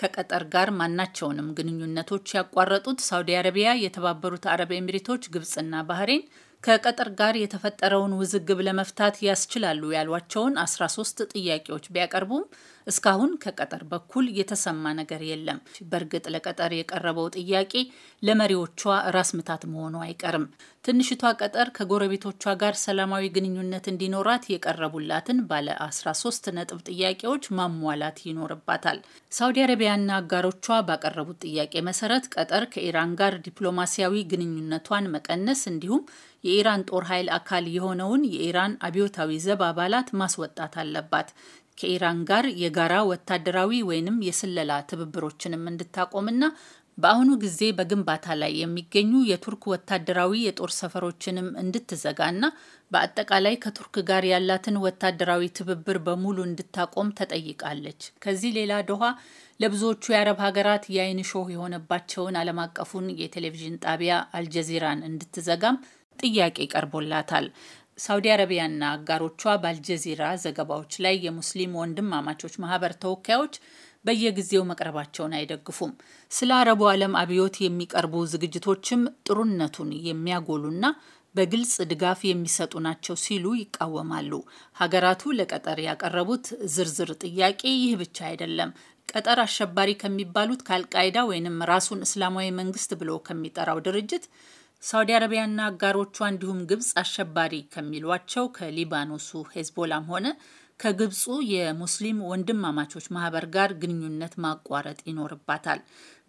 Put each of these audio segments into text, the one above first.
ከቀጠር ጋር ማናቸውንም ግንኙነቶች ያቋረጡት ሳውዲ አረቢያ፣ የተባበሩት አረብ ኤሚሬቶች፣ ግብጽና ባህሬን ከቀጠር ጋር የተፈጠረውን ውዝግብ ለመፍታት ያስችላሉ ያሏቸውን 13 ጥያቄዎች ቢያቀርቡም እስካሁን ከቀጠር በኩል የተሰማ ነገር የለም። በእርግጥ ለቀጠር የቀረበው ጥያቄ ለመሪዎቿ ራስ ምታት መሆኑ አይቀርም። ትንሽቷ ቀጠር ከጎረቤቶቿ ጋር ሰላማዊ ግንኙነት እንዲኖራት የቀረቡላትን ባለ 13 ነጥብ ጥያቄዎች ማሟላት ይኖርባታል። ሳውዲ አረቢያና አጋሮቿ ባቀረቡት ጥያቄ መሰረት ቀጠር ከኢራን ጋር ዲፕሎማሲያዊ ግንኙነቷን መቀነስ እንዲሁም የኢራን ጦር ኃይል አካል የሆነውን የኢራን አብዮታዊ ዘብ አባላት ማስወጣት አለባት። ከኢራን ጋር የጋራ ወታደራዊ ወይንም የስለላ ትብብሮችንም እንድታቆምና በአሁኑ ጊዜ በግንባታ ላይ የሚገኙ የቱርክ ወታደራዊ የጦር ሰፈሮችንም እንድትዘጋና በአጠቃላይ ከቱርክ ጋር ያላትን ወታደራዊ ትብብር በሙሉ እንድታቆም ተጠይቃለች። ከዚህ ሌላ ዶሃ ለብዙዎቹ የአረብ ሀገራት የአይን ሾህ የሆነባቸውን ዓለም አቀፉን የቴሌቪዥን ጣቢያ አልጀዚራን እንድትዘጋም ጥያቄ ቀርቦላታል። ሳውዲ አረቢያና አጋሮቿ በአልጀዚራ ዘገባዎች ላይ የሙስሊም ወንድማማቾች ማህበር ተወካዮች በየጊዜው መቅረባቸውን አይደግፉም። ስለ አረቡ ዓለም አብዮት የሚቀርቡ ዝግጅቶችም ጥሩነቱን የሚያጎሉና በግልጽ ድጋፍ የሚሰጡ ናቸው ሲሉ ይቃወማሉ። ሀገራቱ ለቀጠር ያቀረቡት ዝርዝር ጥያቄ ይህ ብቻ አይደለም። ቀጠር አሸባሪ ከሚባሉት ከአልቃይዳ ወይንም ራሱን እስላማዊ መንግስት ብሎ ከሚጠራው ድርጅት ሳውዲ አረቢያና አጋሮቿ እንዲሁም ግብጽ አሸባሪ ከሚሏቸው ከሊባኖሱ ሄዝቦላም ሆነ ከግብፁ የሙስሊም ወንድማማቾች ማህበር ጋር ግንኙነት ማቋረጥ ይኖርባታል።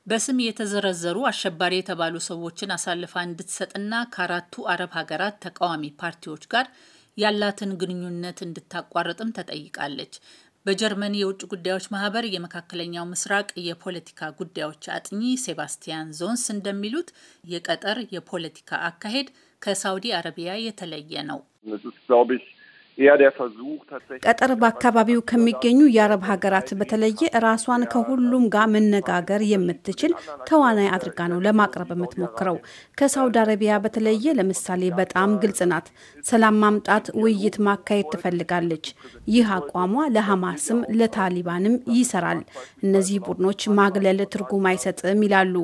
በስም የተዘረዘሩ አሸባሪ የተባሉ ሰዎችን አሳልፋ እንድትሰጥና ከአራቱ አረብ ሀገራት ተቃዋሚ ፓርቲዎች ጋር ያላትን ግንኙነት እንድታቋርጥም ተጠይቃለች። በጀርመን የውጭ ጉዳዮች ማህበር የመካከለኛው ምስራቅ የፖለቲካ ጉዳዮች አጥኚ ሴባስቲያን ዞንስ እንደሚሉት የቀጠር የፖለቲካ አካሄድ ከሳውዲ አረቢያ የተለየ ነው። ቀጠር በአካባቢው ከሚገኙ የአረብ ሀገራት በተለየ ራሷን ከሁሉም ጋር መነጋገር የምትችል ተዋናይ አድርጋ ነው ለማቅረብ የምትሞክረው። ከሳውዲ አረቢያ በተለየ ለምሳሌ በጣም ግልጽ ናት። ሰላም ማምጣት፣ ውይይት ማካሄድ ትፈልጋለች። ይህ አቋሟ ለሐማስም ለታሊባንም ይሰራል። እነዚህ ቡድኖች ማግለል ትርጉም አይሰጥም ይላሉ።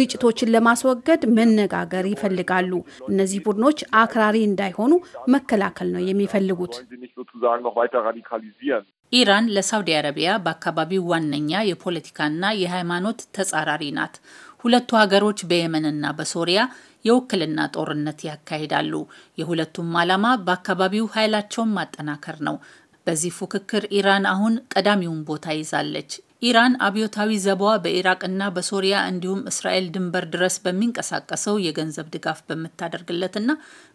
ግጭቶችን ለማስወገድ መነጋገር ይፈልጋሉ። እነዚህ ቡድኖች አክራሪ እንዳይሆኑ መከላከል ነው የሚፈልጉት። wollen sie nicht sozusagen noch weiter radikalisieren. ኢራን ለሳውዲ አረቢያ በአካባቢው ዋነኛ የፖለቲካና የሃይማኖት ተጻራሪ ናት። ሁለቱ ሀገሮች በየመንና በሶሪያ የውክልና ጦርነት ያካሂዳሉ። የሁለቱም ዓላማ በአካባቢው ኃይላቸውን ማጠናከር ነው። በዚህ ፉክክር ኢራን አሁን ቀዳሚውን ቦታ ይዛለች። ኢራን አብዮታዊ ዘቧ በኢራቅና በሶሪያ እንዲሁም እስራኤል ድንበር ድረስ በሚንቀሳቀሰው የገንዘብ ድጋፍ በምታደርግለትና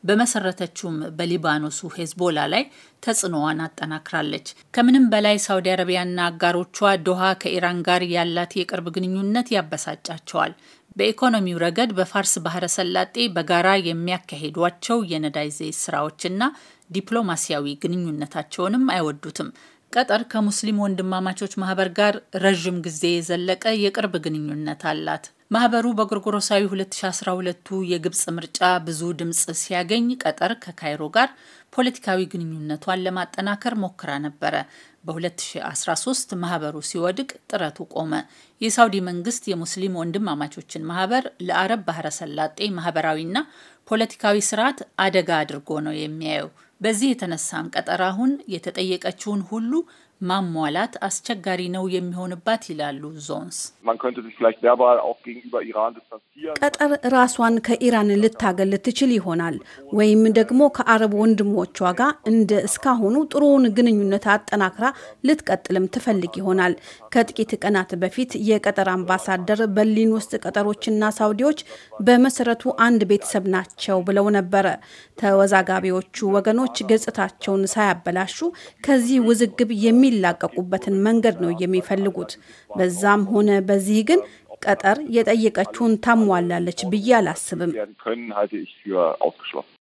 በመሰረተችውም በሊባኖሱ ሄዝቦላ ላይ ተጽዕኖዋን አጠናክራለች። ከምንም በላይ ሳውዲ አረቢያና አጋሮቿ ዶሃ ከኢራን ጋር ያላት የቅርብ ግንኙነት ያበሳጫቸዋል። በኢኮኖሚው ረገድ በፋርስ ባህረ ሰላጤ በጋራ የሚያካሂዷቸው የነዳጅ ዘይት ስራዎችና ዲፕሎማሲያዊ ግንኙነታቸውንም አይወዱትም። ቀጠር ከሙስሊም ወንድማማቾች ማህበር ጋር ረዥም ጊዜ የዘለቀ የቅርብ ግንኙነት አላት። ማህበሩ በጎርጎሮሳዊ 2012ቱ የግብፅ ምርጫ ብዙ ድምፅ ሲያገኝ ቀጠር ከካይሮ ጋር ፖለቲካዊ ግንኙነቷን ለማጠናከር ሞክራ ነበረ። በ2013 ማህበሩ ሲወድቅ ጥረቱ ቆመ። የሳውዲ መንግስት የሙስሊም ወንድማማቾችን ማህበር ለአረብ ባህረ ሰላጤ ማህበራዊና ፖለቲካዊ ስርዓት አደጋ አድርጎ ነው የሚያየው። በዚህ የተነሳም ቀጠራ አሁን የተጠየቀችውን ሁሉ ማሟላት አስቸጋሪ ነው የሚሆንባት ይላሉ ዞንስ። ቀጠር ራሷን ከኢራን ልታገል ትችል ይሆናል ወይም ደግሞ ከአረብ ወንድሞቿ ጋር እንደ እስካሁኑ ጥሩውን ግንኙነት አጠናክራ ልትቀጥልም ትፈልግ ይሆናል። ከጥቂት ቀናት በፊት የቀጠር አምባሳደር በርሊን ውስጥ ቀጠሮችና ሳውዲዎች በመሰረቱ አንድ ቤተሰብ ናቸው ብለው ነበረ። ተወዛጋቢዎቹ ወገኖች ገጽታቸውን ሳያበላሹ ከዚህ ውዝግብ የሚ የሚላቀቁበትን መንገድ ነው የሚፈልጉት። በዛም ሆነ በዚህ ግን ቀጠር የጠየቀችውን ታሟላለች ብዬ አላስብም።